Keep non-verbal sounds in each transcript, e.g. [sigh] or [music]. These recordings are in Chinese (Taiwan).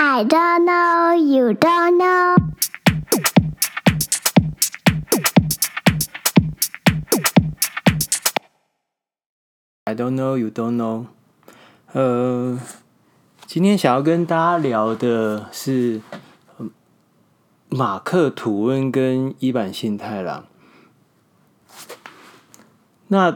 I don't know, you don't know. I don't know, you don't know. 呃，今天想要跟大家聊的是馬克吐溫跟伊坂幸太郎。那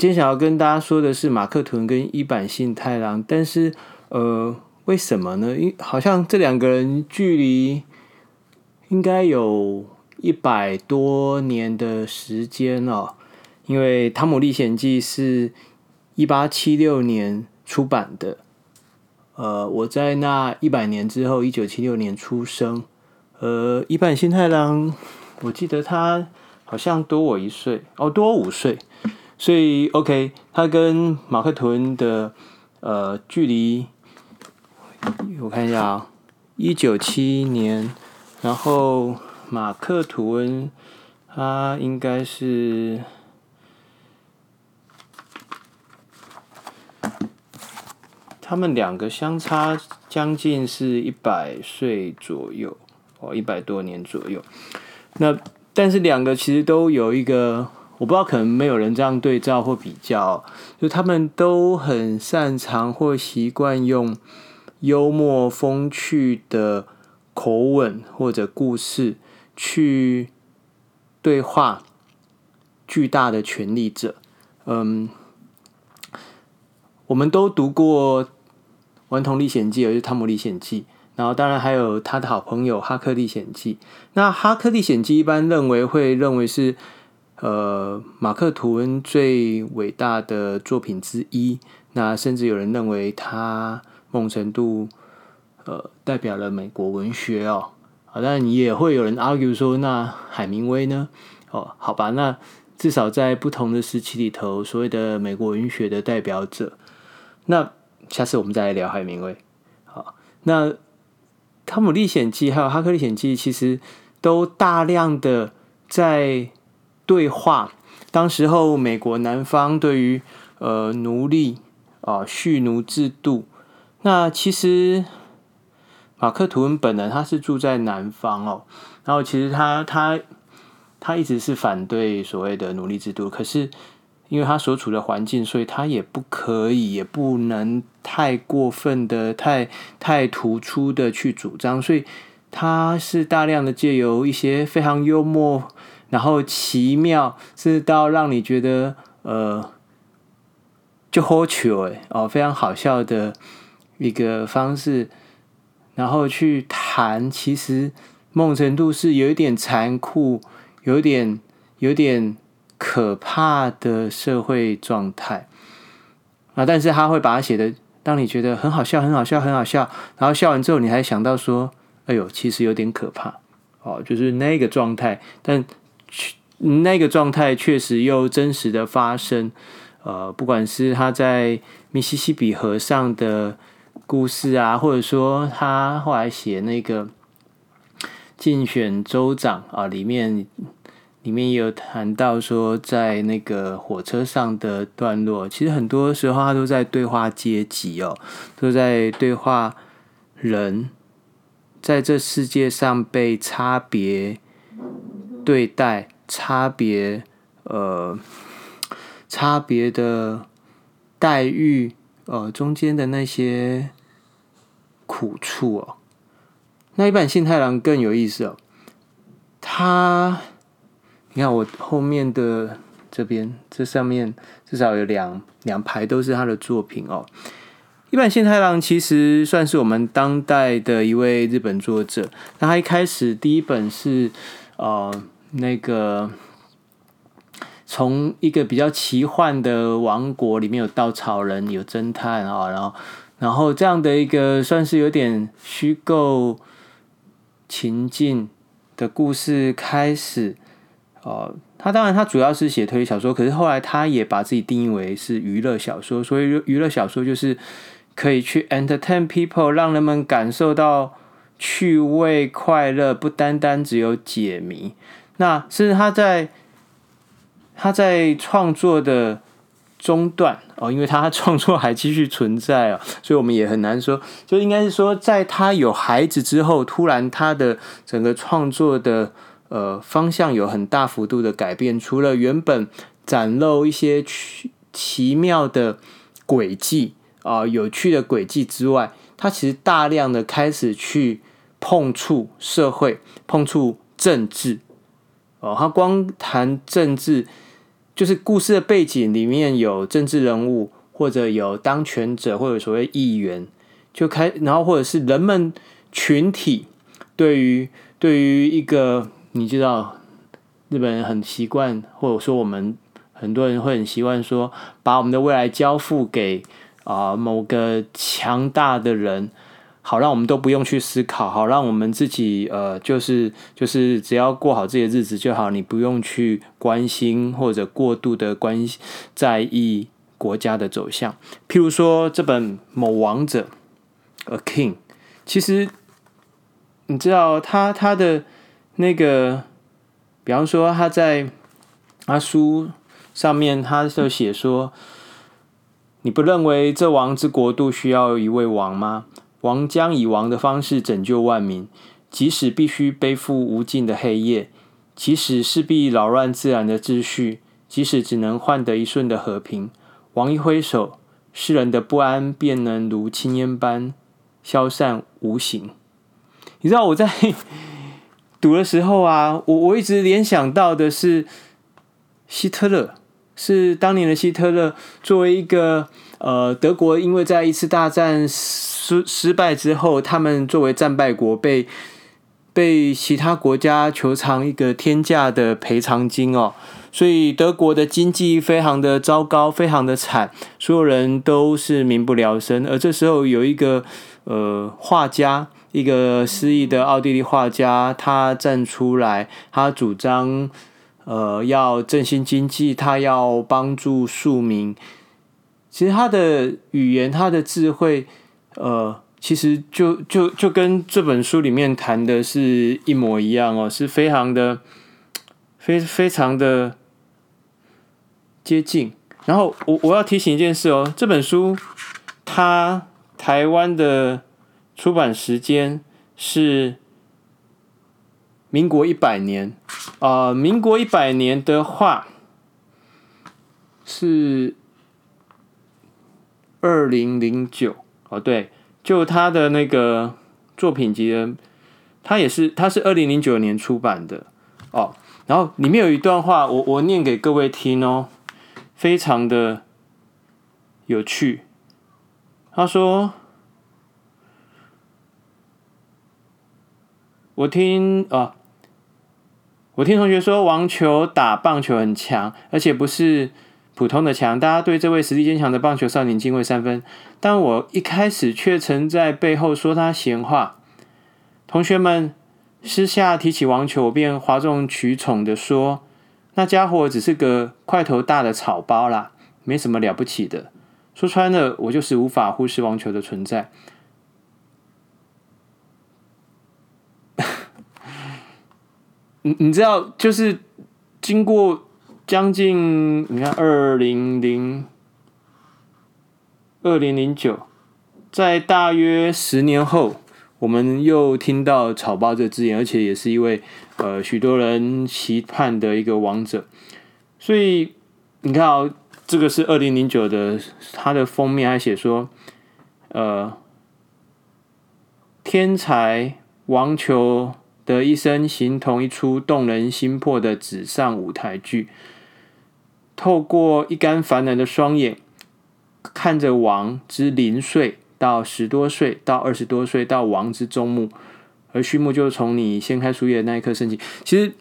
今天想要跟大家說的是馬克吐溫跟伊坂幸太郎，但是呃。為什麼呢？因好像這兩個人距離應該有一百多年的時間哦。因為《湯姆歷險記》是一八七六年出版的，呃，我在那一百年之後，一九七六年出生。呃，伊坂幸太郎，我記得他好像多我一歲哦，多我五歲，所以 OK，他跟馬克吐溫的呃距離。我看一下啊、喔，一九七一年，然後馬克吐溫，他應該是他們兩個相差將近是一百歲左右，哦，一百多年左右。那但是兩個其實都有一個，我不知道，可能沒有人這樣對照或比較，就他們都很擅長或習慣用，幽默風趣的口吻，或者故事去對話巨大的權力者。嗯，我們都讀過《頑童歷險記》，也就是《湯姆歷險記》，然後當然還有他的好朋友《哈克歷險記》。那《哈克歷險記》一般認為會認為是呃馬克吐溫最偉大的作品之一。那甚至有人認為他。某程度，呃，代表了美國文學哦。好、啊，但也會有人 argue 說，那海明威呢？哦，好吧，那至少在不同的時期裡頭，所謂的美國文學的代表者，那下次我們再來聊海明威。好，那《湯姆歷險記》還有《哈克歷險記》，其實都大量的在對話當時候美國南方對於呃奴隸啊蓄奴制度。那其實馬克吐溫本人他是住在南方哦，然後其實他他他一直是反對所謂的奴隸制度，可是因為他所處的環境，所以他也不可以也不能太過分的，太太突出的去主張，所以他是大量的借由一些非常幽默，然後奇妙，是到讓你覺得呃就喝酒哎哦非常好笑的。一個方式，然後去談，其實夢程度，是有一點殘酷，有點有點可怕的社會狀態啊。但是他會把它寫的，讓你覺得很好笑，很好笑，很好笑。然後笑完之後，你還想到說：“哎呦，其實有點可怕。”哦，就是那個狀態，但那個狀態確實又真實的發生。呃，不管是他在密西西比河上的。故事啊，或者說他後來寫那個競選州長啊，哦，裡面裡面也有談到說，在那個火車上的段落，其實很多時候他都在對話階級哦，都在對話人，在這世界上被差別對待，差別呃差別的待遇呃中間的那些。苦處哦，那伊坂幸太郎更有意思哦。他，你看我後面的這邊，這上面至少有兩兩排都是他的作品哦。伊坂幸太郎其實算是我們當代的一位日本作者。那他一開始第一本是呃那個，從一個比較奇幻的王國裡面有稻草人、有偵探啊、哦，然後。然後這樣的一個算是有點虛構情境的故事開始，哦、呃，他當然他主要是寫推理小說，可是後來他也把自己定義為是娛樂小說，所以娛樂小說就是可以去 entertain people，讓人們感受到趣味快樂，不單單只有解謎。那甚至他在他在創作的。中斷哦，因為他，他創作還繼續存在啊、哦，所以我們也很難說，就應該是說，在他有孩子之後，突然他的整個創作的呃方向有很大幅度的改變，除了原本展露一些奇奇妙的軌跡啊、哦、有趣的軌跡之外，他其實大量的開始去碰觸社會、碰觸政治，哦，他光談政治。就是故事的背景裡面有政治人物，或者有當權者，或者所謂議員，就開，然後或者是人們群體對於、對於一個你知道日本人很習慣，或者說我們很多人會很習慣說，把我們的未來交付給啊、呃、某個強大的人。好，讓我們都不用去思考。好，讓我們自己呃，就是就是，只要過好自己的日子就好。你不用去關心或者過度的關心在意國家的走向。譬如說，這本《某王者》A King，其實你知道他他的那個，比方說他在阿書上面他就寫說，你不認為這王之國度需要一位王嗎？王將以王的方式拯救萬民，即使必須背負無盡的黑夜，即使勢必擾亂自然的秩序，即使只能換得一瞬的和平，王一揮手，世人的不安便能如青烟般消散無形。你知道我在讀的時候啊，我我一直聯想到的是希特勒，是當年的希特勒，作為一個呃德國，因為在一次大戰。失敗之後，他們作為戰敗國被被其他國家求償一個天價的賠償金哦，所以德國的經濟非常的糟糕，非常的慘，所有人都是民不聊生。而這時候有一個呃畫家，一個失意的奧地利畫家，他站出來，他主張呃要振興經濟，他要幫助庶民。其實他的語言，他的智慧。呃，其實就就就跟這本書裡面談的是一模一樣哦，是非常的、非非常的接近。然後我我要提醒一件事哦，這本書它台灣的出版時間是民國一百年，啊、呃，民國一百年的話是二零零九。哦，oh, 對，就他的那個作品集的，他也是，他是二零零九年出版的哦。Oh, 然後裡面有一段話，我我念給各位聽哦，非常的有趣。他說：“我聽啊，oh, 我聽同學說，網球打棒球很強，而且不是。”普通的強，大家對這位實力堅強的棒球少年敬畏三分。但我一開始卻曾在背後說他閒話。同學們私下提起網球，我便嘩眾取寵地說：“那家伙只是個塊頭大的草包啦，沒什麼了不起的。”說穿了，我就是無法忽視網球的存在。 [laughs] 你你知道，就是經過。將近，你看，二零零二零零九，在大約十年後，我們又聽到“草包”這字眼，而且也是一位呃許多人期盼的一個王者。所以你看哦，這個是二零零九的它的封面，還寫說呃，天才王球的一生，形同一出動人心魄的紙上舞台劇。透過一干凡人的雙眼，看着王之零歲到十多歲，到二十多歲，到王之終幕，而序幕就從你掀開書頁那一刻升起。其實，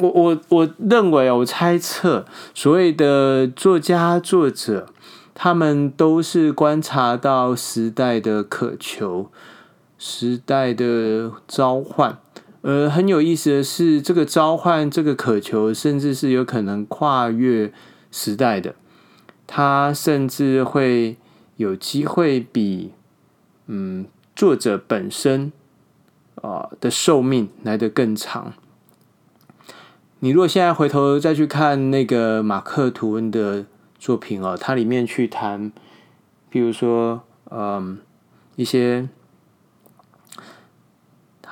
我我我認為我猜測，所謂的作家作者，他們都是觀察到時代的渴求，時代的召喚。呃，而很有意思的是，這個召喚、這個渴求，甚至是有可能跨越時代的，它甚至會有機會比嗯作者本身啊、呃、的壽命來得更長。你如果現在回頭再去看那個馬克·吐溫的作品哦，它裡面去談，比如說嗯、呃、一些。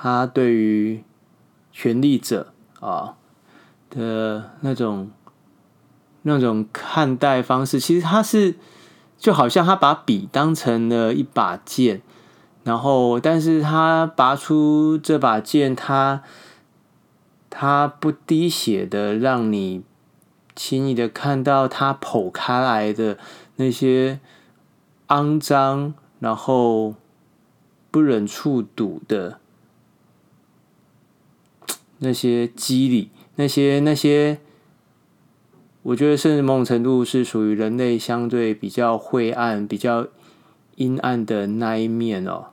他對於權力者啊的那種那種看待方式，其實他是就好像他把筆當成了一把劍，然後但是他拔出這把劍，他他不滴血的，讓你輕易的看到他剖開來的那些骯髒，然後不忍觸睹的。那些機理，那些那些，我覺得甚至某種程度是屬於人類相對比較晦暗、比較陰暗的那一面哦。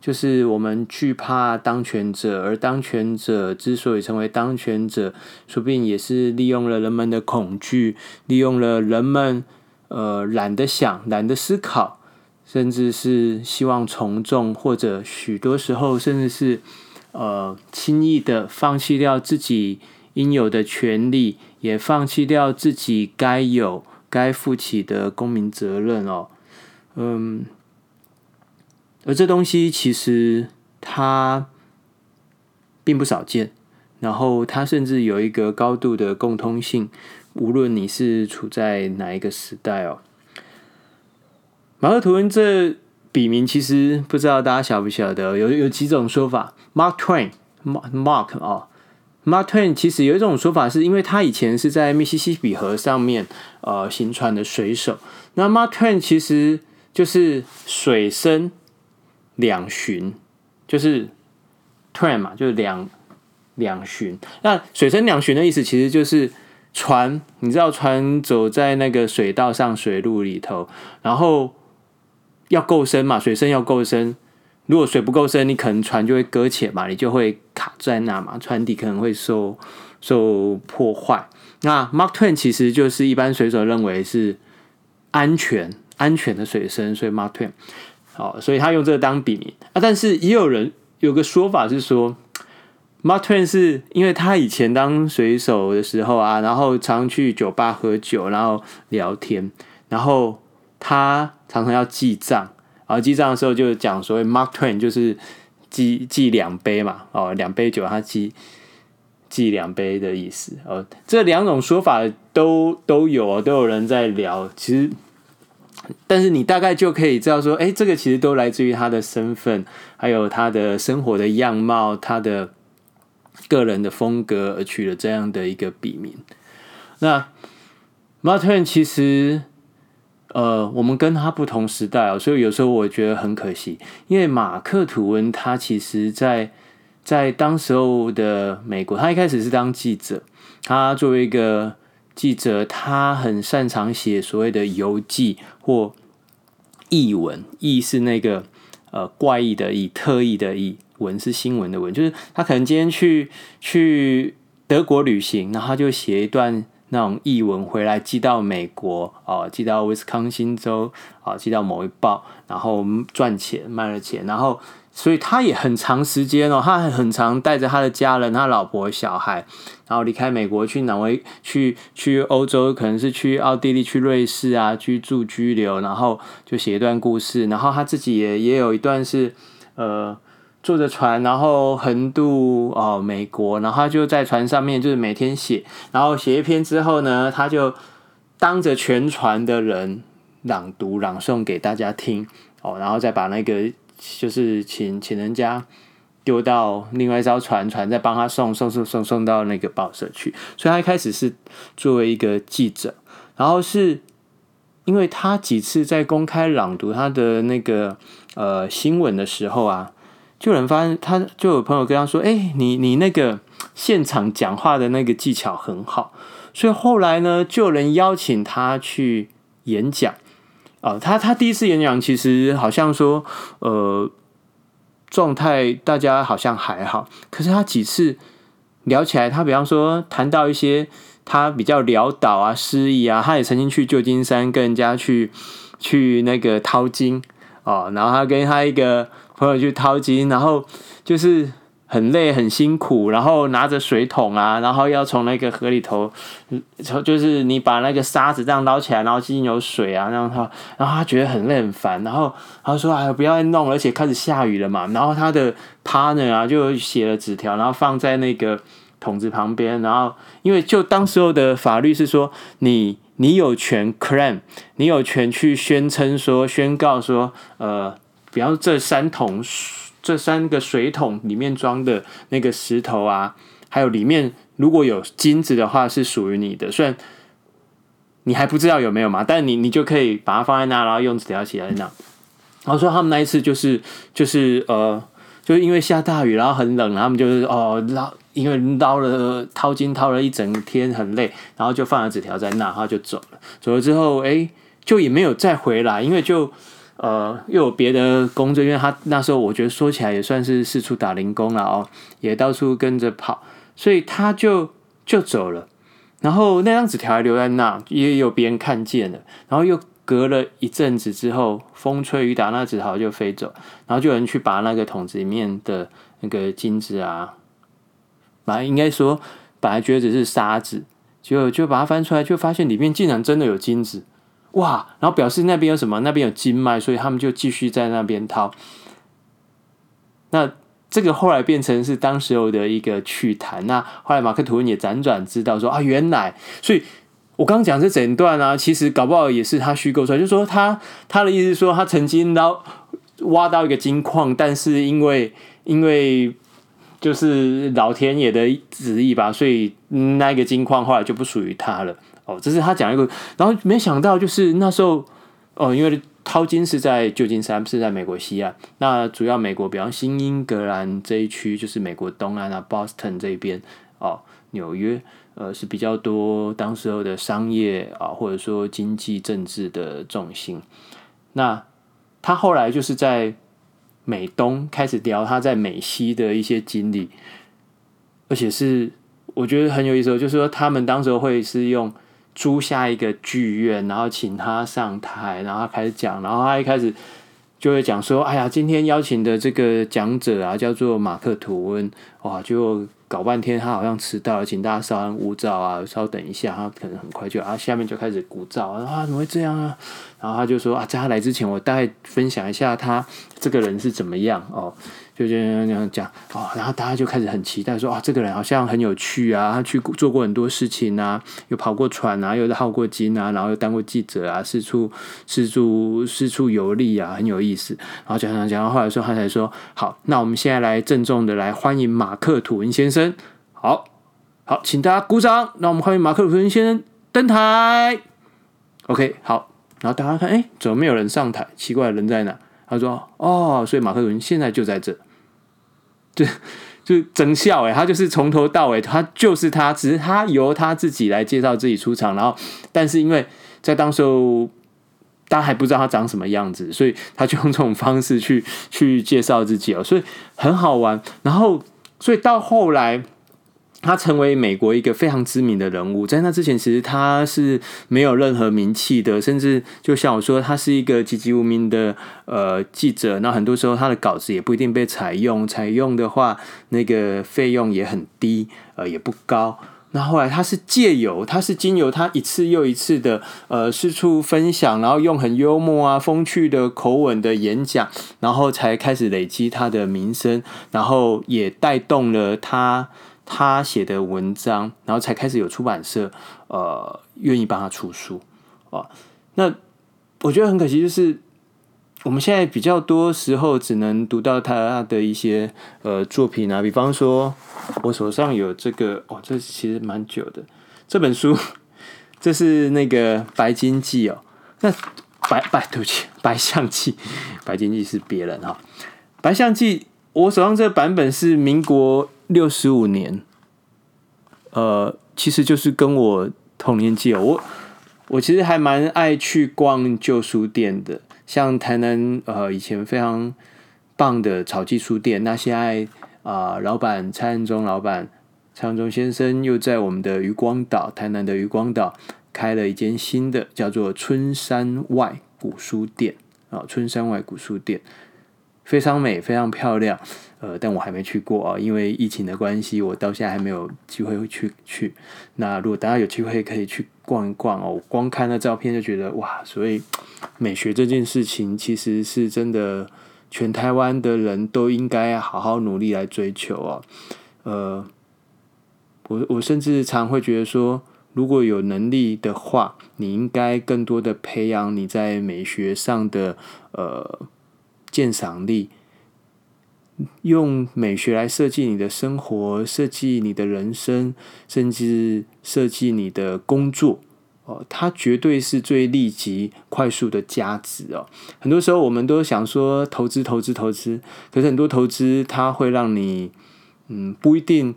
就是我們懼怕當權者，而當權者之所以成為當權者，說不定也是利用了人們的恐懼，利用了人們呃懶得想、懶得思考，甚至是希望從眾，或者許多時候甚至是。呃，輕易的放棄掉自己應有的權利，也放棄掉自己該有、該負起的公民責任哦。嗯，而這東西其實它並不少見，然後它甚至有一個高度的共通性，無論你是處在哪一個時代哦。馬克吐溫這筆名其實不知道大家曉不曉得，有有幾種說法。Mark Twain，Mark 啊，Mark, Mark,、oh, Mark Twain 其實有一種說法，是因為他以前是在密西西比河上面呃行船的水手。那 Mark Twain 其實就是水深兩噚，就是 Twain 嘛，就是兩兩噚。那水深兩噚的意思，其實就是船，你知道船走在那個水道上，水路裡頭，然後要夠深嘛，水深要夠深。如果水不夠深，你可能船就會擱淺嘛，你就會卡在那嘛，船底可能會受受破壞。那 Mark Twain 其實就是一般水手認為是安全、安全的水深，所以 Mark Twain 好、哦，所以他用這個當筆名啊。但是也有人有個說法是說，Mark Twain 是因為他以前當水手的時候啊，然後常去酒吧喝酒，然後聊天，然後他常常要記賬。然後記賬的時候就講所謂 “Mark Twain” 就是記記兩杯嘛，哦，兩杯酒他，他記記兩杯的意思。哦，這兩種說法都都有都有人在聊。其實，但是你大概就可以知道說，誒，這個其實都來自於他的身份，還有他的生活的樣貌，他的個人的風格而取了這樣的一個筆名。那 “Mark Twain” 其實。呃，我們跟他不同時代哦，所以有時候我覺得很可惜，因為馬克吐溫他其實在，在在當時候的美國，他一開始是當記者，他作為一個記者，他很擅長寫所謂的遊記或異文，異是那個呃怪異的異，特異的異，文是新聞的文，就是他可能今天去去德國旅行，然後他就寫一段。那種譯文回來，寄到美國，哦，寄到威斯康星州，哦，寄到某一報，然後賺錢，賣了錢，然後，所以他也很長時間哦，他還很常帶着他的家人，他老婆、小孩，然後離開美國去哪位去去歐洲，可能是去奧地利、去瑞士啊居住居留，然後就寫一段故事，然後他自己也也有一段是，呃。坐着船，然後橫渡哦美國，然後他就在船上面，就是每天寫，然後寫一篇之後呢，他就當着全船的人朗讀、朗誦給大家聽，哦，然後再把那個就是請請人家丟到另外一艘船，船再幫他送、送、送、送送到那個報社去。所以他一開始是作為一個記者，然後是因為他幾次在公開朗讀他的那個呃新聞的時候啊。就有人發現他，就有朋友跟他說：“哎、欸，你你那個現場講話的那個技巧很好。”所以後來呢，就有人邀請他去演講。哦，他他第一次演講其實好像說，呃，狀態大家好像還好。可是他幾次聊起來，他比方說談到一些他比較潦倒啊、失意啊。他也曾經去舊金山跟人家去去那個淘金哦，然後他跟他一個。朋友去掏金，然後就是很累很辛苦，然後拿着水桶啊，然後要從那個河裡頭，就是你把那個沙子這樣撈起來，然後進行有水啊，然後他，然後他覺得很累很煩，然後他說：“哎，不要再弄。”而且開始下雨了嘛，然後他的 partner 啊就寫了紙條，然後放在那個桶子旁邊，然後因為就當時候的法律是說，你你有權 c r a m 你有權去宣稱說、宣告說，呃。比方說，這三桶，這三個水桶裡面裝的那個石頭啊，還有裡面如果有金子的話，是屬於你的。雖然你還不知道有沒有嘛，但你你就可以把它放在那，然後用紙條寫在那。然後說他們那一次就是就是呃，就是因為下大雨，然後很冷，然後他們就是哦撈、呃，因為撈了掏，金掏了一整天，很累，然後就放了紙條在那，然後就走了。走了之後，誒、欸，就也沒有再回來，因為就。呃，又有別的工作，因為他那時候，我覺得說起來也算是四處打零工了哦，也到處跟着跑，所以他就就走了，然後那張紙條還留在那，也有別人看見了，然後又隔了一陣子之後，風吹雨打，那紙條就飛走，然後就有人去把那個桶子裡面的那個金子啊，本來應該說本來覺得只是沙子，結果就把它翻出來，就發現裡面竟然真的有金子。哇，然後表示那邊有什麼？那邊有金脈，所以他們就繼續在那邊掏。那這個後來變成是當時候的一個趣談，那後來馬克吐溫也輾轉知道說啊，原來，所以我剛剛講這整段啊，其實搞不好也是他虛構出來，就是說他他的意思是說他曾經撈挖到一個金礦，但是因為因為就是老天爺的旨意吧，所以那個金礦後來就不屬於他了。哦，這是他講一個，然後沒想到就是那時候，哦，因為淘金是在舊金山，是在美國西岸。那主要美國，比方新英格蘭這一區，就是美國東岸啊，Boston 這一邊哦，紐約，呃，是比較多當時候的商業啊，哦，或者說經濟、政治的重心。那他後來就是在美東開始聊他在美西的一些經歷，而且是我覺得很有意思，就是說他們當時候會是用，租下一個劇院，然後請他上台，然後他開始講，然後他一開始就會講說：“哎呀，今天邀請的這個講者啊，叫做馬克吐溫，哇，就搞半天他好像遲到了，請大家稍安勿躁啊，稍等一下，他可能很快就啊，下面就開始鼓噪啊，啊，怎麼會這樣啊？”然後他就說啊，在他來之前，我大概分享一下他這個人是怎麼樣哦，就這樣講哦。然後大家就開始很期待說啊，這個人好像很有趣啊，他去做過很多事情啊，又跑過船啊，又耗過金啊，然後又當過記者啊，四處四處四處遊歷啊，很有意思。然後講講講，後來說他才說好，那我們現在來鄭重的來歡迎馬克·吐溫先生。好好，請大家鼓掌。那我們歡迎馬克·吐溫先生登台。OK，好。然後大家看，哎，怎麼沒有人上台？奇怪的人在哪？他說：“哦，所以馬克吐溫現在就在這，就就真笑哎、欸，他就是從頭到尾，他就是他，只是他由他自己來介紹自己出場。然後，但是因為在當時大家還不知道他長什麼樣子，所以他就用這種方式去去介紹自己哦，所以很好玩。然後，所以到後來。”他成為美國一個非常知名的人物，在那之前，其實他是沒有任何名氣的，甚至就像我說，他是一個籍籍無名的呃記者。那很多時候，他的稿子也不一定被採用，採用的話，那個費用也很低，呃，也不高。那後來，他是借由，他是經由他一次又一次的呃四處分享，然後用很幽默啊、風趣的口吻的演講，然後才開始累積他的名聲，然後也帶動了他。他寫的文章，然後才開始有出版社，呃，願意幫他出書啊、哦。那我覺得很可惜，就是我們現在比較多時候只能讀到他的一些呃作品啊。比方說，我手上有這個，哦，這其實蠻久的這本書，這是那個白金記哦。那白白，對不起，白象記，白金記是別人哈、哦，白象記。我手上這個版本是民國六十五年，呃，其實就是跟我同年紀。我我其實還蠻愛去逛舊書店的，像台南呃以前非常棒的草祭書店，那現在啊、呃，老闆蔡漢忠老闆蔡漢忠先生又在我們的漁光島，台南的漁光島開了一間新的，叫做春山外古書店啊、哦，春山外古書店。非常美，非常漂亮，呃，但我還沒去過啊、哦，因為疫情的關係，我到現在還沒有機會去去。那如果大家有機會可以去逛一逛哦，我光看那照片就覺得哇，所以美學這件事情其實是真的，全台灣的人都應該好好努力來追求哦。呃，我我甚至常會覺得說，如果有能力的話，你應該更多的培養你在美學上的呃。鑑賞力，用美學來設計你的生活，設計你的人生，甚至設計你的工作哦，它絕對是最立即、快速的加值哦。很多時候，我們都想說投資、投資、投資，可是很多投資它會讓你，嗯，不一定，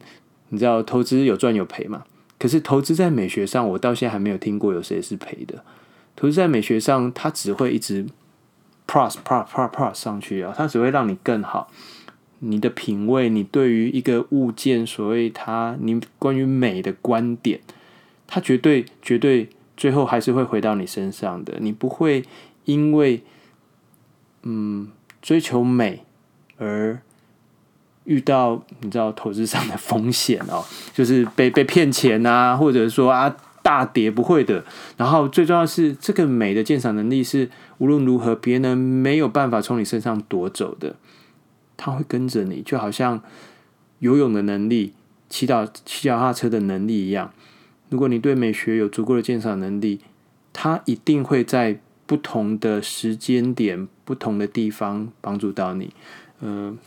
你知道投資有賺有賠嘛，可是投資在美學上，我到現在還沒有聽過有誰是賠的。投資在美學上，它只會一直 Plus plus plus plus 上去啊、哦，它只會讓你更好。你的品味，你對於一個物件，所謂它，你關於美的觀點，它絕對絕對最後還是會回到你身上的。你不會因為嗯追求美而遇到你知道投資上的風險哦，就是被被騙錢啊，或者說啊。大跌，不會的，然後最重要的是這個美的鑑賞能力是無論如何別人沒有辦法從你身上奪走的，他會跟着你，就好像游泳的能力、騎腳騎腳踏車的能力一樣。如果你對美學有足夠的鑑賞能力，他一定會在不同的時間點、不同的地方幫助到你。嗯、呃，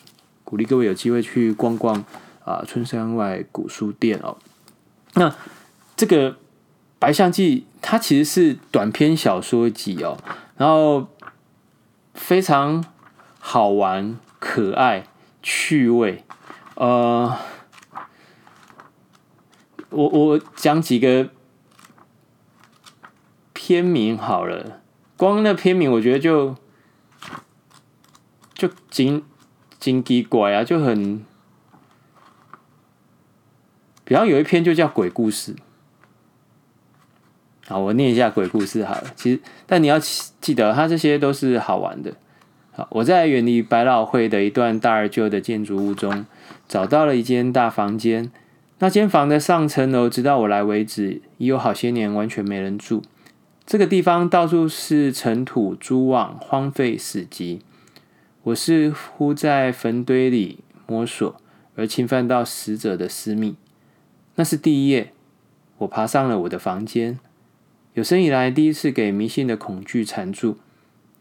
鼓勵各位有機會去逛逛啊，春、呃、山外古書店哦。那這個。《白象記》它其實是短篇小說集哦、喔，然後非常好玩、可愛、趣味。呃，我我講幾個篇名好了，光那篇名我覺得就就金金奇怪啊，就很。比方有一篇就叫《鬼故事》。好，我念一下鬼故事好了。其實，但你要記得，它這些都是好玩的。好，我在遠離百老匯的一段大而舊的建築物中找到了一間大房間。那間房的上層樓，直到我來為止，已有好些年完全沒人住。這個地方到處是塵土蛛網、荒廢死寂。我似乎在墳堆裡摸索，而侵犯到死者的私密。那是第一夜。我爬上了我的房間。有生以來第一次給迷信的恐懼纏住。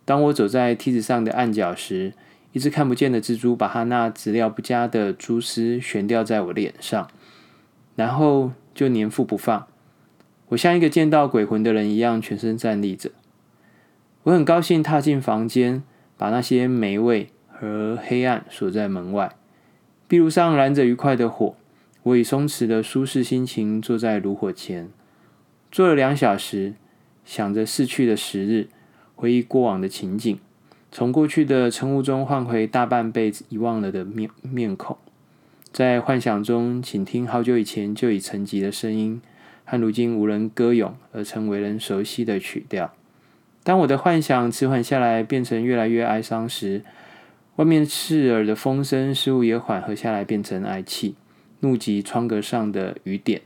當我走在梯子上的暗角時，一隻看不見的蜘蛛把它那質料不佳的蛛絲懸吊在我臉上，然後就粘附不放。我像一個見到鬼魂的人一樣全身戰慄著。我很高興踏進房間，把那些霉味和黑暗鎖在門外。壁爐上燃着愉快的火，我以鬆弛的舒適心情坐在爐火前。坐了兩小時，想着逝去的時日，回憶過往的情景，從過去的晨霧中喚回大半輩子遺忘了的面面孔，在幻想中，傾聽好久以前就已沉寂的聲音和如今無人歌詠而成為人熟悉的曲調。當我的幻想遲緩下來，變成越來越哀傷時，外面刺耳的風聲似乎也緩和下來，變成哀泣，怒擊窗格上的雨點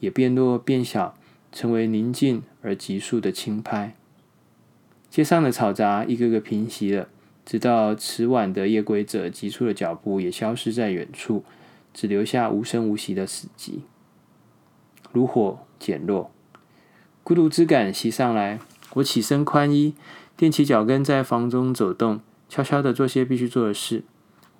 也變弱變小。成為寧靜而急速的輕拍，街上的吵雜，一個個平息了，直到此晚的夜歸者急速的腳步也消失在遠處，只留下無聲無息的死寂。爐火減弱，孤獨之感襲上來。我起身寬衣，踮起腳跟在房中走動，悄悄地做些必須做的事。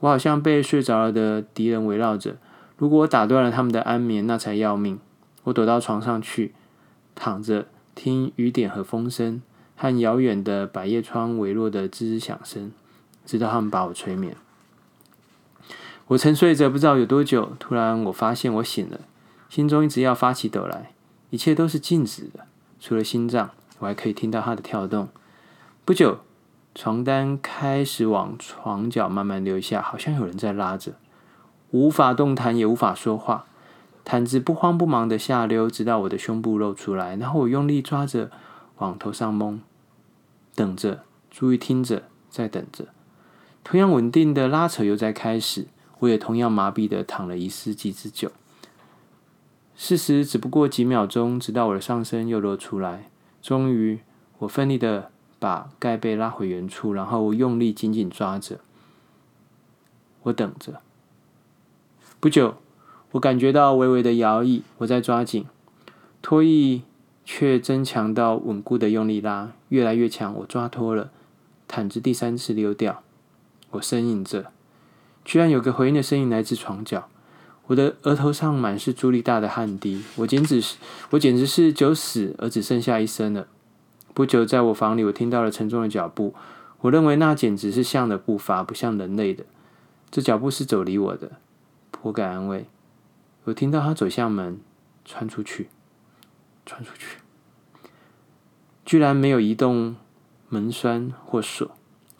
我好像被睡着了的敵人圍繞着，如果我打斷了他們的安眠，那才要命。我躲到床上去。躺着聽雨點和風聲，和遙遠的百葉窗微弱的吱吱響聲，直到他們把我催眠。我沉睡着，不知道有多久。突然，我發現我醒了，心中一直要發起抖來。一切都是靜止的，除了心臟，我還可以聽到它的跳動。不久，床單開始往床角慢慢流下，好像有人在拉着。無法動彈，也無法說話。毯子不慌不忙的下溜，直到我的胸部露出來，然後我用力抓着，往頭上蒙，等着，注意聽着，再等着。同樣穩定的拉扯又在開始，我也同樣麻痹的躺了一世紀之久。事實只不過幾秒鐘，直到我的上身又露出來，終於，我奮力的把蓋被拉回原處，然後用力緊緊抓着，我等着。不久。我感覺到微微的搖曳，我在抓緊拖曳，卻增強到穩固的用力拉，越來越強。我抓脫了，毯子第三次溜掉。我呻吟着，居然有個回應的聲音來自床角。我的額頭上滿是珠粒大的汗滴。我簡直是，我簡直是九死而只剩下一生了。不久，在我房裡，我聽到了沉重的腳步。我認為那簡直是象的步伐，不像人類的。這腳步是走離我的，我感安慰。我聽到他走向門，穿出去，穿出去，居然沒有移動門栓或鎖。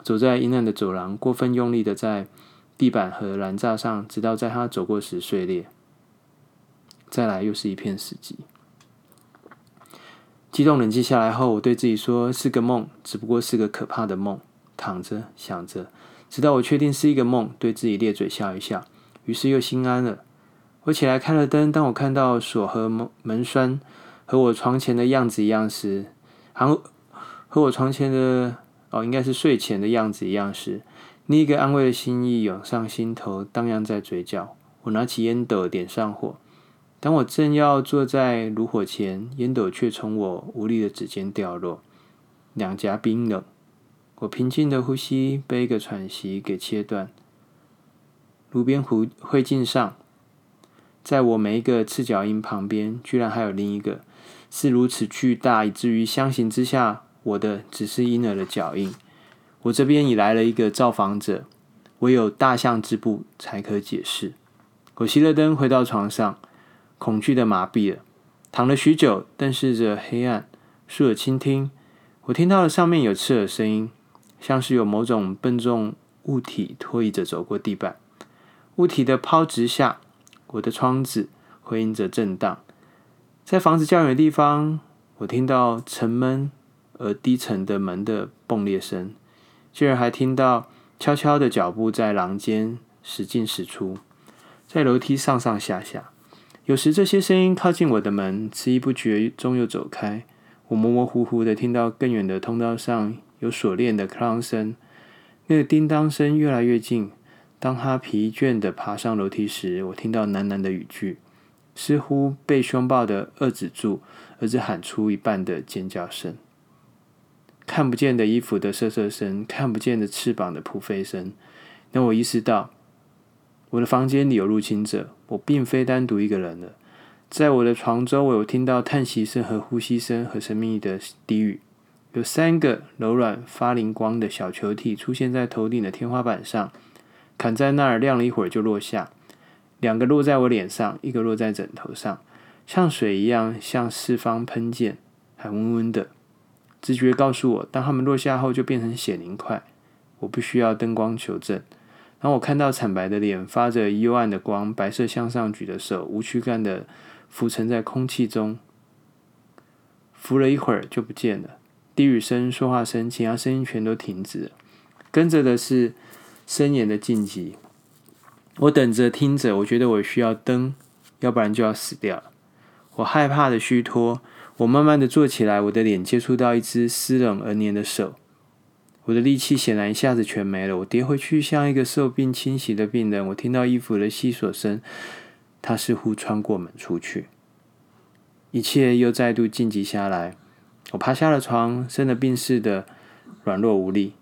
走在陰暗的走廊，過分用力的在地板和欄柵上，直到在他走過時碎裂。再來又是一片死寂。激動冷靜下來後，我對自己說，是個夢，只不過是個可怕的夢。躺着，想着，直到我確定是一個夢，對自己咧嘴笑一笑，於是又心安了。我起來開了燈，當我看到鎖和門、門栓和我床前的樣子一樣時，啊、和我床前的哦，應該是睡前的樣子一樣時，另一個安慰的心意湧上心頭，蕩漾在嘴角。我拿起煙斗，點上火。當我正要坐在爐火前，煙斗卻從我無力的指尖掉落，兩頰冰冷。我平靜的呼吸被一個喘息給切斷。爐邊壺灰燼上。在我每一個赤腳印旁邊，居然還有另一個，是如此巨大，以至於相形之下，我的只是嬰兒的腳印。我這邊已來了一個造訪者，唯有大象之步才可解釋。我熄了燈，回到床上，恐懼的麻痹了，躺了許久，瞪視着黑暗，豎耳傾聽。我聽到了上面有刺耳聲音，像是有某種笨重物體拖移着走過地板，物體的拋擲下。我的窗子回應着震盪，在房子較遠的地方，我聽到沉悶而低沉的門的崩裂聲，竟然還聽到悄悄的腳步在廊間時進時出，在樓梯上上下下。有時這些聲音靠近我的門，遲疑不決，終又走開。我模模糊糊的聽到更遠的通道上有鎖鏈的克啷聲，那個叮當聲越來越近。當他疲倦地爬上樓梯時，我聽到喃喃的語句，似乎被兇暴的遏制住，而是喊出一半的尖叫聲。看不見的衣服的瑟瑟聲，看不見的翅膀的撲飛聲。那我意識到，我的房間裡有入侵者，我並非單獨一個人了。在我的床周，我有聽到嘆息聲和呼吸聲和神秘的低語。有三個柔軟發靈光的小球體出現在頭頂的天花板上。砍在那兒，晾了一會兒就落下，兩個落在我臉上，一個落在枕頭上，像水一樣向四方噴濺，還溫溫的。直覺告訴我，當它們落下後就變成血凝塊。我不需要燈光求證。然後我看到慘白的臉發着幽暗的光，白色向上舉的手，無軀幹的浮沉在空氣中，浮了一會兒就不見了。低語聲、說話聲、其他聲音全都停止，跟着的是。森嚴的靜寂。我等着聽着，我覺得我需要燈，要不然就要死掉，我害怕的虛脫。我慢慢的坐起來，我的臉接觸到一只濕冷而黏的手，我的力氣顯然一下子全沒了。我跌回去，像一個受病侵襲的病人。我聽到衣服的窸窣聲，它似乎穿過門出去。一切又再度靜寂下來。我爬下了床，生了病似的軟弱無力，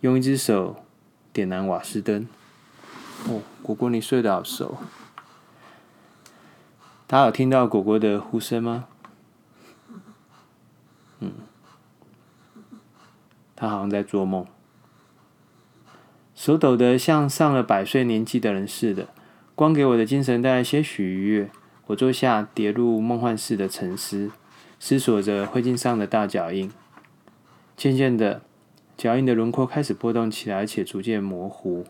用一只手。點燃瓦斯燈。哦，果果，你睡得好熟。他有聽到果果的呼聲嗎？嗯，他好像在做夢，手抖得像上了百歲年紀的人似的。光給我的精神帶來些許愉悅。我坐下，跌入夢幻似的沉思，思索着灰燼上的大腳印。漸漸的。腳印的輪廓開始波動起來，而且逐漸模糊。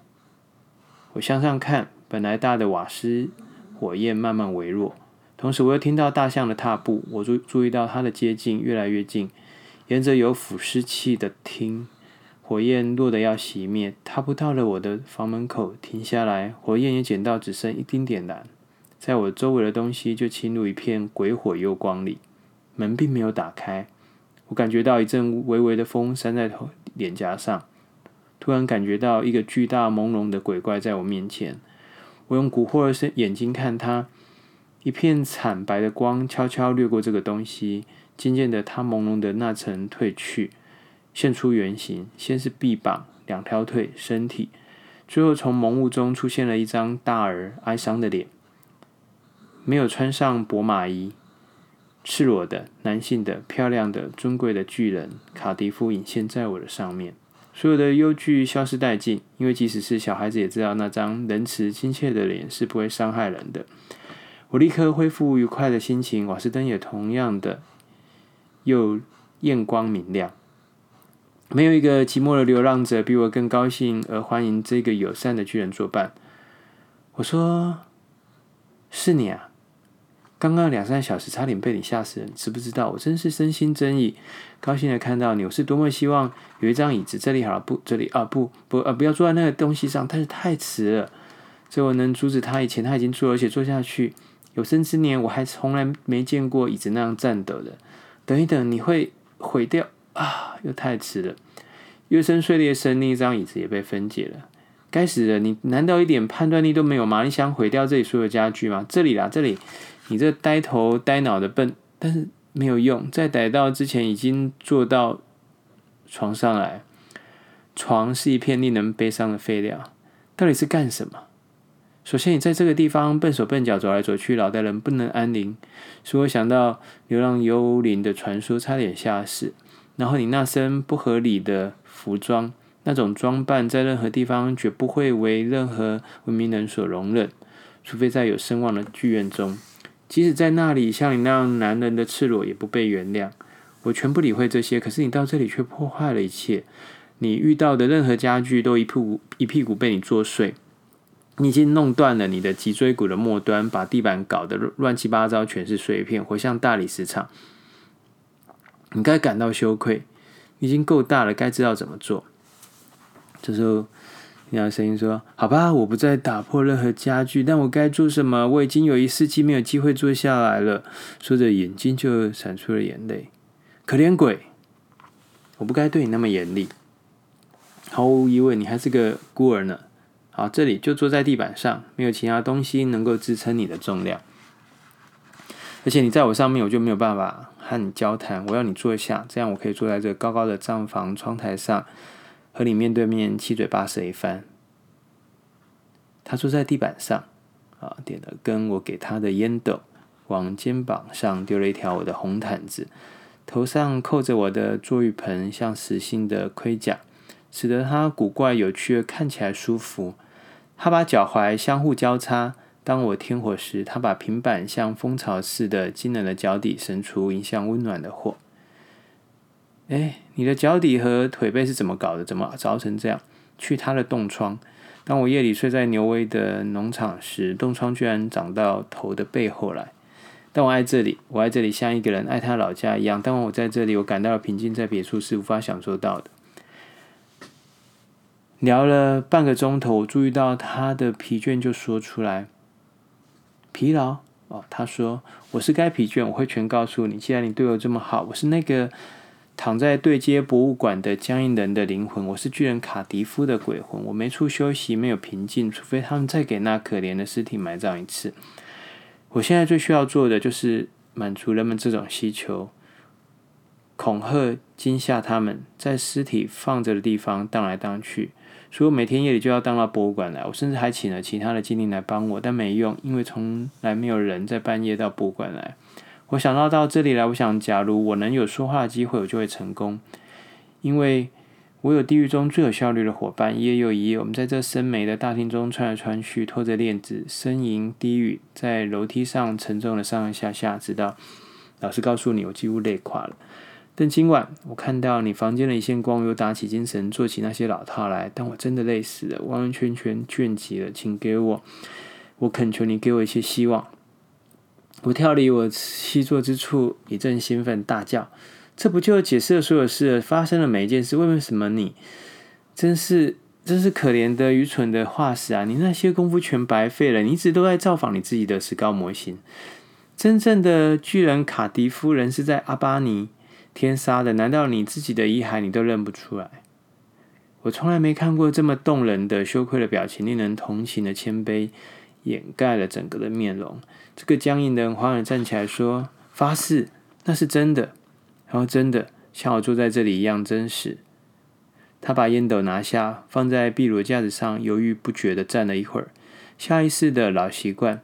我向上看，本來大的瓦斯火焰慢慢微弱，同時我又聽到大象的踏步。我注注意到它的接近越來越近，沿着有腐蝕氣的廳，火焰落得要熄滅。踏步到了我的房門口，停下來，火焰也減到只剩一丁點藍。在我周圍的東西就侵入一片鬼火幽光裡。門並沒有打開，我感覺到一陣微微的風扇在頭臉頰上，突然感覺到一個巨大朦朧的鬼怪在我面前。我用蠱惑的身眼睛看他，一片慘白的光悄悄掠過這個東西。漸漸的，他朦朧的那層褪去，現出原形。先是臂膀、兩條腿、身體，最後從蒙霧中出現了一張大而哀傷的臉。沒有穿上薄麻衣。赤裸的，男性的，漂亮的，尊貴的巨人卡迪夫隱現在我的上面，所有的憂懼消失殆盡，因為即使是小孩子也知道那張仁慈親切的臉是不會傷害人的。我立刻恢復愉快的心情，瓦斯燈也同樣的又艷光明亮。沒有一個寂寞的流浪者比我更高興而歡迎這個友善的巨人作伴。我說：“是你啊。”剛剛兩三小時，差點被你嚇死人，你知不知道？我真是真心真意，高興地看到你。我是多麼希望有一張椅子，這裡好了不？這裡啊，不不，啊不要坐在那個東西上，但是太遲了。在我能阻止他以前，他已經坐了，而且坐下去。有生之年我還從來沒見過椅子那樣戰鬥的。等一等，你會毀掉啊！又太遲了。樂生碎裂聲，另一張椅子也被分解了。該死的，你難道一點判斷力都沒有嗎？你想毀掉這裡所有的家具嗎？這裡啦，這裡。你這呆頭呆腦的笨，但是沒有用，在逮到之前已經坐到床上來。床是一片令人悲傷的廢料。到底是幹什麼？首先，你在這個地方笨手笨腳走來走去，鬧得人不能安寧。使我想到流浪幽靈的傳說，差點嚇死。然後，你那身不合理的服裝，那種裝扮在任何地方絕不會為任何文明人所容忍，除非在有聲望的劇院中。即使在那裡，像你那樣男人的赤裸也不被原諒。我全不理會這些，可是你到這裡卻破壞了一切。你遇到的任何家具都一屁股一屁股被你坐碎。你已經弄斷了你的脊椎骨的末端，把地板搞得亂七八糟，全是碎片，活像大理石廠，你該感到羞愧，已經夠大了，該知道怎麼做。這時候。那樣的聲音說：“好吧，我不再打破任何家具，但我該做什麼？我已經有一世紀沒有機會坐下來了。”說着眼睛就閃出了眼淚，可憐鬼！我不該對你那麼嚴厲。毫無疑問，你還是個孤兒呢。好，這裡就坐在地板上，沒有其他東西能夠支撐你的重量，而且你在我上面，我就沒有辦法和你交談。我要你坐下，這樣我可以坐在這高高的帳房窗台上，和你面對面七嘴八舌一番。他坐在地板上，啊，點了根我給他的煙斗，往肩膀上丟了一條我的紅毯子，頭上扣着我的坐浴盆，像實心的盔甲，使得他古怪有趣看起來舒服。他把腳踝相互交叉，當我添火時，他把平板像蜂巢似的、冰冷的腳底伸出，迎向溫暖的火。誒，你的腳底和腿背是怎麼搞的？怎麼鑿成這樣？去他的凍瘡！當我夜裡睡在牛威的農場時，凍瘡居然長到頭的背後來。但我愛這裡，我愛這裡，像一個人愛他老家一樣。但我在這裡，我感到了平靜，在別處是無法享受到的。聊了半個鐘頭，我注意到他的疲倦，就說出來：疲勞哦。他說：“我是該疲倦，我會全告訴你。既然你對我這麼好，我是那個。”躺在對街博物館的僵硬人的靈魂，我是巨人卡迪夫的鬼魂。我沒處休息，沒有平靜，除非他們再給那可憐的屍體埋葬一次。我現在最需要做的就是滿足人們這種需求，恐嚇、驚嚇他們，在屍體放着的地方蕩來蕩去。所以我每天夜裡就要蕩到博物館來。我甚至還請了其他的精靈來幫我，但沒用，因為從來沒有人在半夜到博物館來。我想到到這裡來，我想，假如我能有說話的機會，我就會成功，因為我有地獄中最有效率的夥伴，一夜又一夜，我們在這深美的大廳中穿來穿去，拖着鏈子，呻吟低語，在樓梯上沉重的上上下下，直到老實告訴你，我幾乎累垮了。但今晚，我看到你房間的一線光，又打起精神，做起那些老套來。但我真的累死了，完完全全倦極了，請給我，我懇求你，給我一些希望。我跳離我棲坐之處，一陣興奮大叫：“這不就解釋了所有事，發生了每一件事？為什麼你真是真是可憐的愚蠢的化石啊！你那些功夫全白費了，你一直都在造訪你自己的石膏模型。真正的巨人卡迪夫人是在阿巴尼天殺的，難道你自己的遺骸你都認不出來？我從來沒看過這麼動人的羞愧的表情，令人同情的謙卑，掩蓋了整個的面容。”這個僵硬的人緩緩站起來說：“發誓，那是真的，然後真的像我坐在這裡一樣真實。”他把煙斗拿下，放在壁爐架子上，猶豫不決地站了一會兒，下意識的老習慣，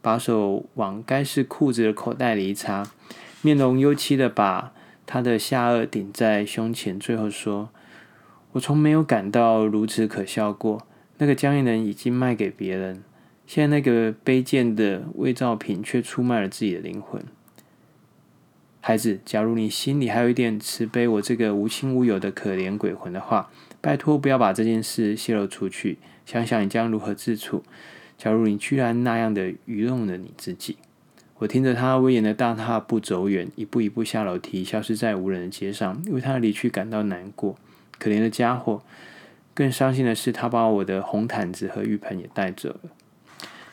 把手往該是褲子的口袋裡一插，面容憂戚的把他的下顎頂在胸前，最後說：“我從沒有感到如此可笑過。那個僵硬人已經賣給別人。”現在那個卑賤的偽造品卻出賣了自己的靈魂。孩子，假如你心裡還有一點慈悲，我這個無親無友的可憐鬼魂的話，拜托不要把這件事泄露出去。想想你將如何自處？假如你居然那樣的愚弄了你自己，我聽着他威嚴的大踏步走遠，一步一步下樓梯，消失在無人的街上，因為他的離去感到難過。可憐的家伙！更傷心的是，他把我的紅毯子和浴盆也帶走了。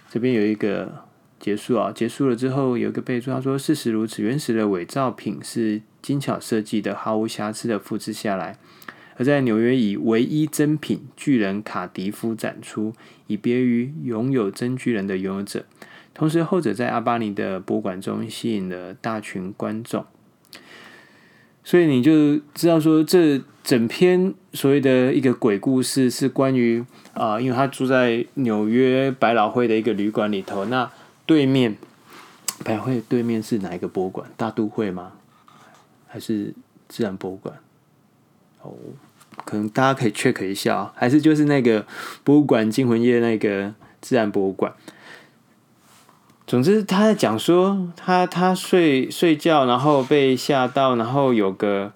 這邊有一個結束啊，結束了之後有一個備註，他說事實如此，原始的偽造品是精巧設計的、毫無瑕疵的複製下來，而在紐約以唯一真品巨人卡迪夫展出，以別於擁有真巨人的擁有者。同時，後者在阿巴尼的博物館中吸引了大群觀眾。所以你就知道說，這整篇所謂的一個鬼故事是關於啊、呃，因為他住在紐約百老匯的一個旅館裡頭，那對面，百老匯對面是哪一個博物館？大都會嗎？還是自然博物館？哦，可能大家可以 check 一下，啊，還是就是那個博物館驚魂夜那個自然博物館。總之，他在講說，他他睡睡覺，然後被嚇到，然後有個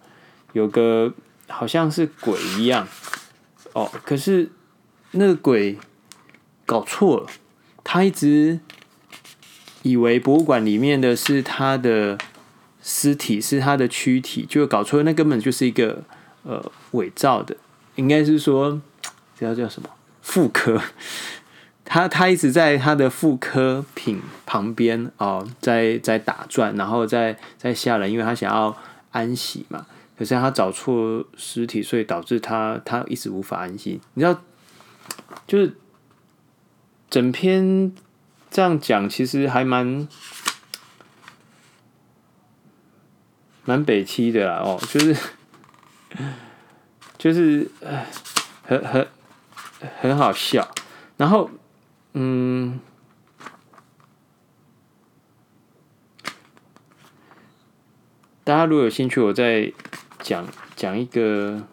有個好像是鬼一樣，哦，可是那個鬼搞錯了，他一直以為博物館裡面的是他的屍體，是他的軀體，就搞錯了，那根本就是一個呃偽造的，應該是說叫叫什麼復刻。他他一直在他的婦科品旁邊哦，在在打轉，然後在在嚇人，因為他想要安息嘛。可是他找錯屍體，所以導致他他一直無法安息。你知道，就是整篇這樣講，其實還蠻蠻北七的啦。哦，就是就是很很很好笑，然後。嗯，大家如果有興趣，我再講講一個，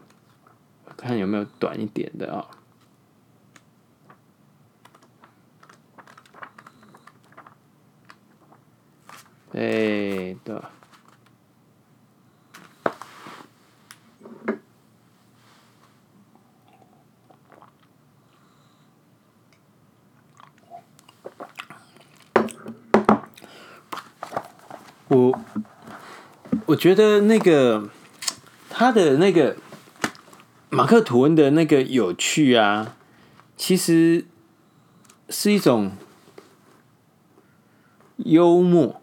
看有沒有短一點的啊。哎，對。我，我覺得那個他的那個馬克吐溫的那個有趣啊，其實是一種幽默，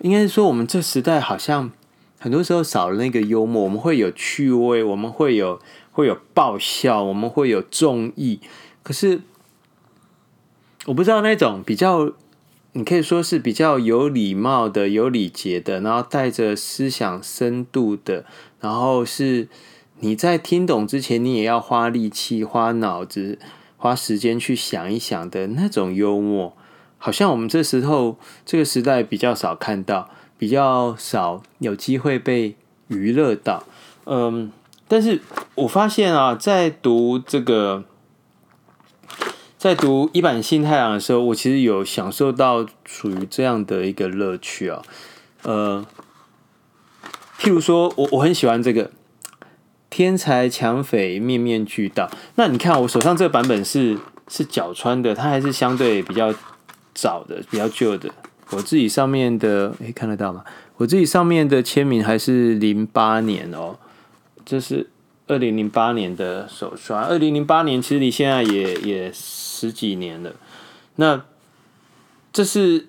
應該是說，我們這時代好像很多時候少了那個幽默。我們會有趣味，我們會有會有爆笑，我們會有眾議，可是我不知道那種比較。你可以說是比較有禮貌的、有禮節的，然後帶着思想深度的，然後是你在聽懂之前，你也要花力氣、花腦子、花時間去想一想的那種幽默。好像我們這時候這個時代比較少看到，比較少有機會被娛樂到。嗯，但是我發現啊，在讀這個。在讀伊坂幸太郎的時候，我其實有享受到屬於這樣的一個樂趣哦。呃，譬如說我我很喜歡這個天才搶匪面面俱到。那你看我手上這個版本是是角川的，它還是相對比較早的、比較舊的。我自己上面的哎，看得到嗎？我自己上面的簽名還是零八年哦，這是二零零八年的首刷。二零零八年其實你現在也也。十幾年了，那這是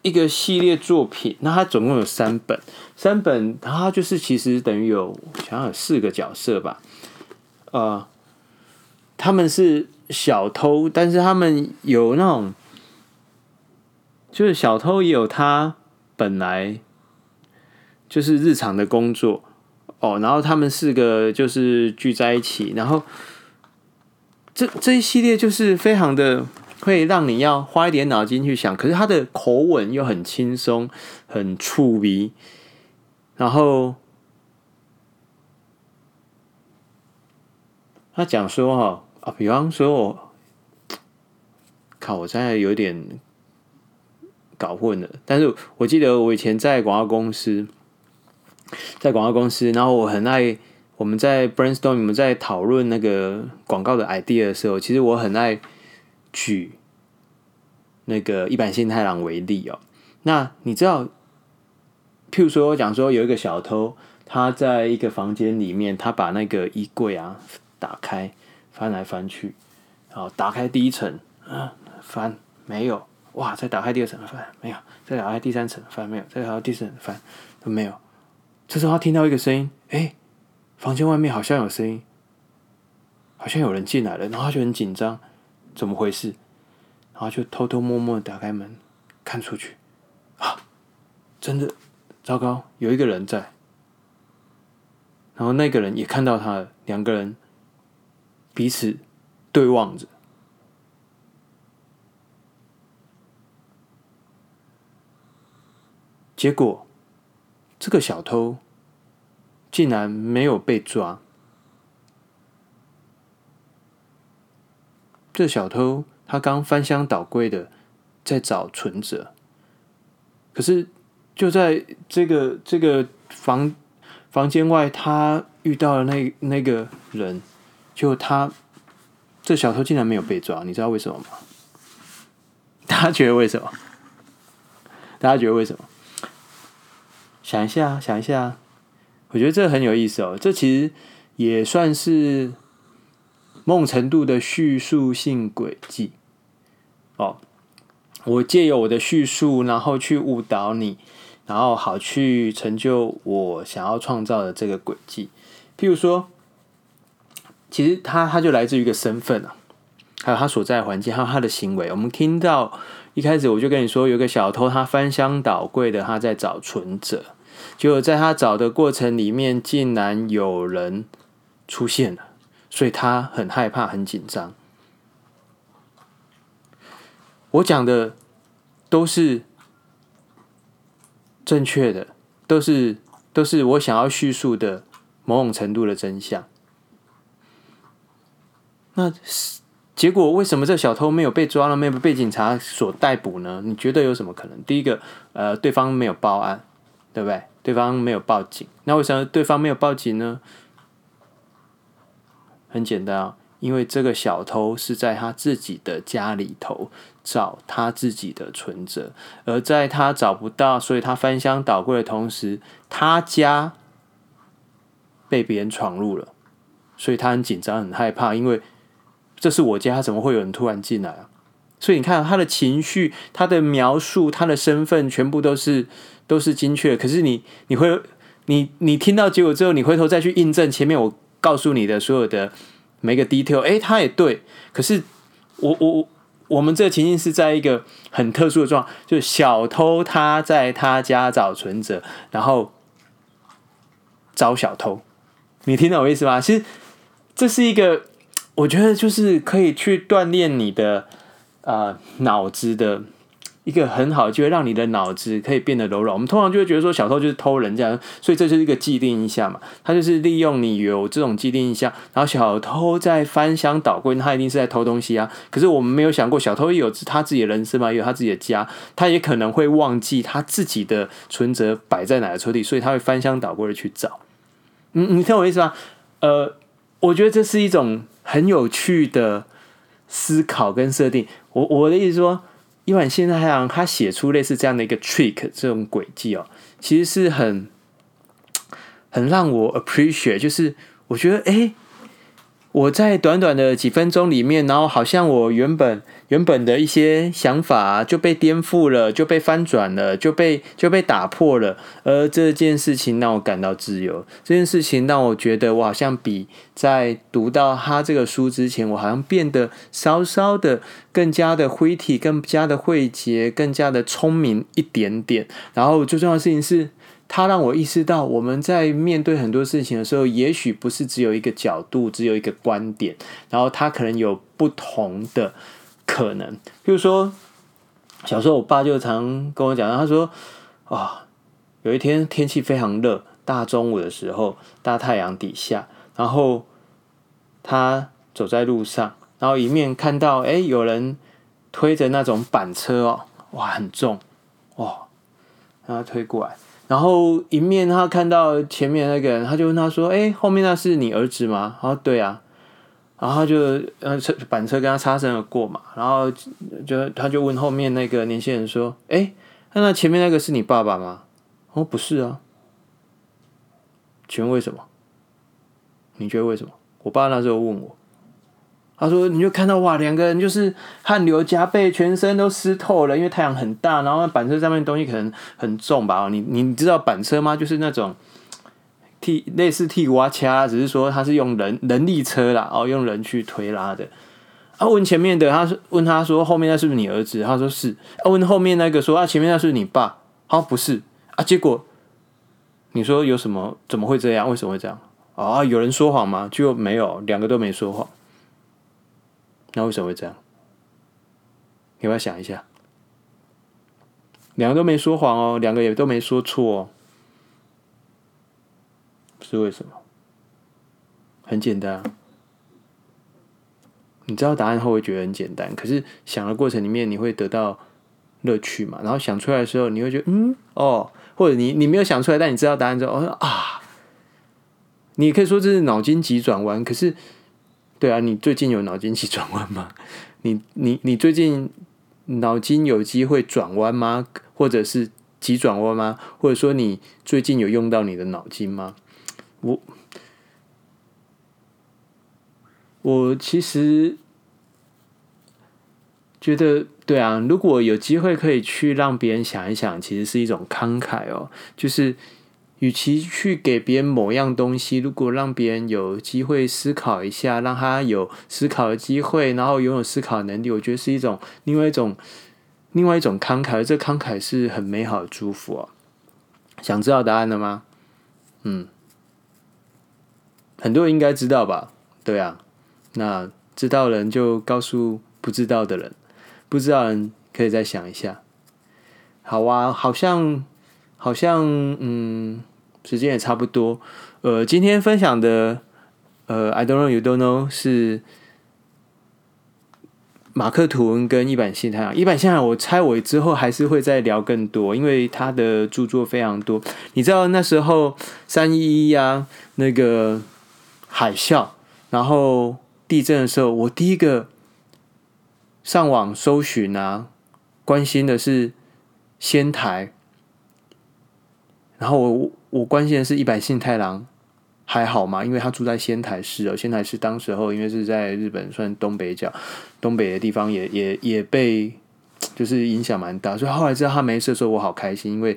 一個系列作品，那它總共有三本，三本它就是其實等於有，想要有四個角色吧，呃，他們是小偷，但是他們有那種，就是小偷也有他本來就是日常的工作哦，然後他們四個就是聚在一起，然後。這這一系列就是非常的會讓你要花一點腦筋去想，可是他的口吻又很輕鬆，很觸鼻。然後他講說哈啊，比方說我，靠，我現在有點搞混了，但是我，我記得我以前在廣告公司，在廣告公司，然後我很愛。我們在 brainstorm，你們在討論那個廣告的 idea 的時候，其實我很愛舉那個伊坂幸太郎為例哦。那你知道，譬如說我講說有一個小偷，他在一個房間裡面，他把那個衣櫃啊打開，翻來翻去，好，打開第一層，啊，翻沒有，哇，再打開第二層，翻沒有，再打開第三層，翻沒有，再打開第四層，翻，沒有，翻，翻，都沒有。這時候他聽到一個聲音，誒。房間外面好像有聲音，好像有人進來了，然後他就很緊張，怎麼回事？然後就偷偷摸摸的打開門，看出去，啊，真的糟糕，有一個人在，然後那個人也看到他了，兩個人彼此對望着，結果這個小偷。竟然沒有被抓！這小偷他剛翻箱倒櫃的在找存折，可是就在這個這個房房間外，他遇到了那那個人，就他這小偷竟然沒有被抓，你知道為什麼嗎？大家覺得為什麼？大家覺得為什麼？想一下，想一下。我覺得這很有意思哦，這其實也算是某種程度的敘述性軌跡哦。我借由我的敘述，然後去誤導你，然後好去成就我想要創造的這個軌跡。譬如說，其實他他就來自於一個身份啊，還有他所在的環境，還有他的行為。我們聽到一開始我就跟你說，有個小偷，他翻箱倒櫃的，他在找存折。結果在他找的過程裡面，竟然有人出現了，所以他很害怕，很緊張。我講的都是正確的，都是都是我想要敘述的某種程度的真相。那結果為什麼這小偷沒有被抓了，沒有被警察所逮捕呢？你覺得有什麼可能？第一個，呃，對方沒有報案，對不對？對方沒有報警，那為什麼對方沒有報警呢？很簡單啊、哦，因為這個小偷，是在他自己的家裡頭找他自己的存摺，而在他找不到，所以他翻箱倒櫃的同時，他家被別人闖入了，所以他很緊張、很害怕，因為這是我家，他怎麼會有人突然進來啊？所以你看他的情緒、他的描述、他的身份，全部都是都是精確的。可是你你會你你聽到結果之後，你回頭再去印證前面我告訴你的所有的每個 detail，哎，他也對。可是我我我我們這個情境是在一個很特殊的狀況，就是小偷他在他家找存折，然後找小偷。你聽懂我意思嗎？其實這是一個，我覺得就是可以去鍛鍊你的。呃，腦子的一個很好，就會讓你的腦子可以變得柔軟。我們通常就會覺得說，小偷就是偷人這樣。所以這就是一個既定印象嘛。他就是利用你有這種既定印象，然後小偷在翻箱倒櫃，他一定是在偷東西啊。可是我們沒有想過，小偷也有他自己的人生嘛，也有他自己的家，他也可能會忘記他自己的存摺擺在哪個抽屜，所以他會翻箱倒櫃的去找。嗯，你聽我意思嗎？呃，我覺得這是一種很有趣的思考跟設定。我我的意思說，伊坂幸太郎他寫出類似這樣的一個 trick 這種詭計哦，其實是很很讓我 appreciate，就是我覺得哎。欸我在短短的幾分鐘裡面，然後好像我原本原本的一些想法就被顛覆了，就被翻轉了，就被就被打破了。而這件事情讓我感到自由，這件事情讓我覺得我好像比在讀到他這個書之前，我好像變得稍稍的更加的詼諧，更加的慧黠，更加的聰明一點點。然後最重要的事情是。他讓我意識到，我們在面對很多事情的時候，也許不是只有一個角度、只有一個觀點，然後他可能有不同的可能。比如說，小時候我爸就常跟我講，他說：“啊、哦，有一天天氣非常熱，大中午的時候，大太陽底下，然後他走在路上，然後迎面看到，哎，有人推着那種板車哦，哇，很重，哦、然後他推過來。”然後迎面他看到前面那個人，他就問他說：“哎、欸，後面那是你兒子嗎？”哦，對啊。然後他就呃車板車跟他擦身而過嘛，然後就他就問後面那個年輕人說：“哎、欸，那前面那個是你爸爸嗎？”哦，不是啊，請問為什麼？你覺得為什麼？我爸那時候問我。他說：“你就看到哇，兩個人就是汗流浹背，全身都濕透了，因為太陽很大。然後板車上面的東西可能很重吧？你你知道板車嗎？就是那種替類似替挖掐，X、a, 只是說它是用人人力車啦，哦，用人去推拉的。他、啊、問前面的，他說問他說後面那是不是你兒子？他說是。他、啊、問後面那個說啊，前面那是不是你爸？他說不是。啊，結果你說有什麼？怎麼會這樣？為什麼會這樣？哦，啊，有人說謊嗎？就沒有，兩個都沒說謊。”那為什麼會這樣？你要不要想一下？兩個都沒說謊哦，兩個也都沒說錯哦，是為什麼？很簡單。你知道答案後會覺得很簡單，可是想的過程裡面你會得到樂趣嘛？然後想出來的時候你會覺得嗯哦，或者你你沒有想出來，但你知道答案之後哦啊，你也可以說這是腦筋急轉彎，可是。對啊，你最近有腦筋急轉彎嗎？你你你最近腦筋有機會轉彎嗎？或者是急轉彎嗎？或者說你最近有用到你的腦筋嗎？我我其實覺得，對啊，如果有機會可以去讓別人想一想，其實是一種慷慨哦，就是。與其去給別人某樣東西，如果讓別人有機會思考一下，讓他有思考的機會，然後擁有思考的能力，我覺得是一種另外一種另外一種慷慨，而這慷慨是很美好的祝福啊、哦！想知道答案了嗎？嗯，很多人應該知道吧？對啊，那知道的人就告訴不知道的人，不知道的人可以再想一下。好啊，好像。好像嗯，時間也差不多。呃，今天分享的呃，I don't know you don't know 是馬克吐溫跟伊坂幸太郎。伊坂幸太郎，我猜我之後還是會再聊更多，因為他的著作非常多。你知道那時候三一一呀，那個海嘯，然後地震的時候，我第一個上網搜尋啊，關心的是仙台。然後我我關心的是伊坂幸太郎還好嗎？因為他住在仙台市哦、喔，仙台市當時候因為是在日本算東北角，東北的地方也也也被就是影響蠻大，所以後來知道他沒事的時候，我好開心，因為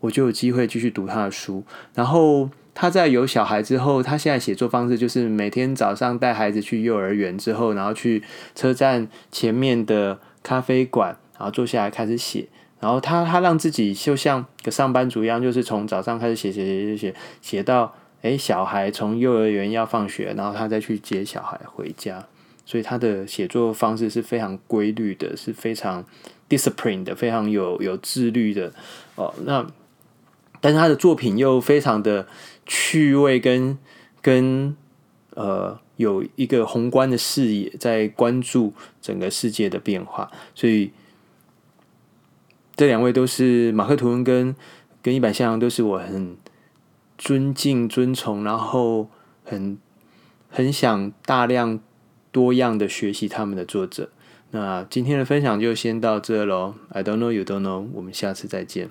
我就有機會繼續讀他的書。然後他在有小孩之後，他現在寫作方式就是每天早上帶孩子去幼兒園之後，然後去車站前面的咖啡館，然後坐下來開始寫。然後他他讓自己就像個上班族一樣，就是從早上開始寫寫寫寫寫，寫到誒小孩從幼兒園要放學，然後他再去接小孩回家。所以他的寫作方式是非常規律的，是非常 disciplined 的，非常有有自律的哦。那但是他的作品又非常的趣味跟、跟跟，呃，有一個宏觀的視野，在關注整個世界的變化，所以。這兩位都是馬克吐溫跟跟伊坂先生都是我很尊敬、尊崇，然後很很想大量多樣的學習他們的作者。那今天的分享就先到這嘍。I don't know, you don't know。我們下次再見。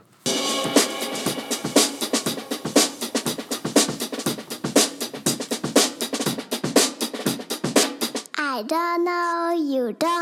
I don't know, you don't know.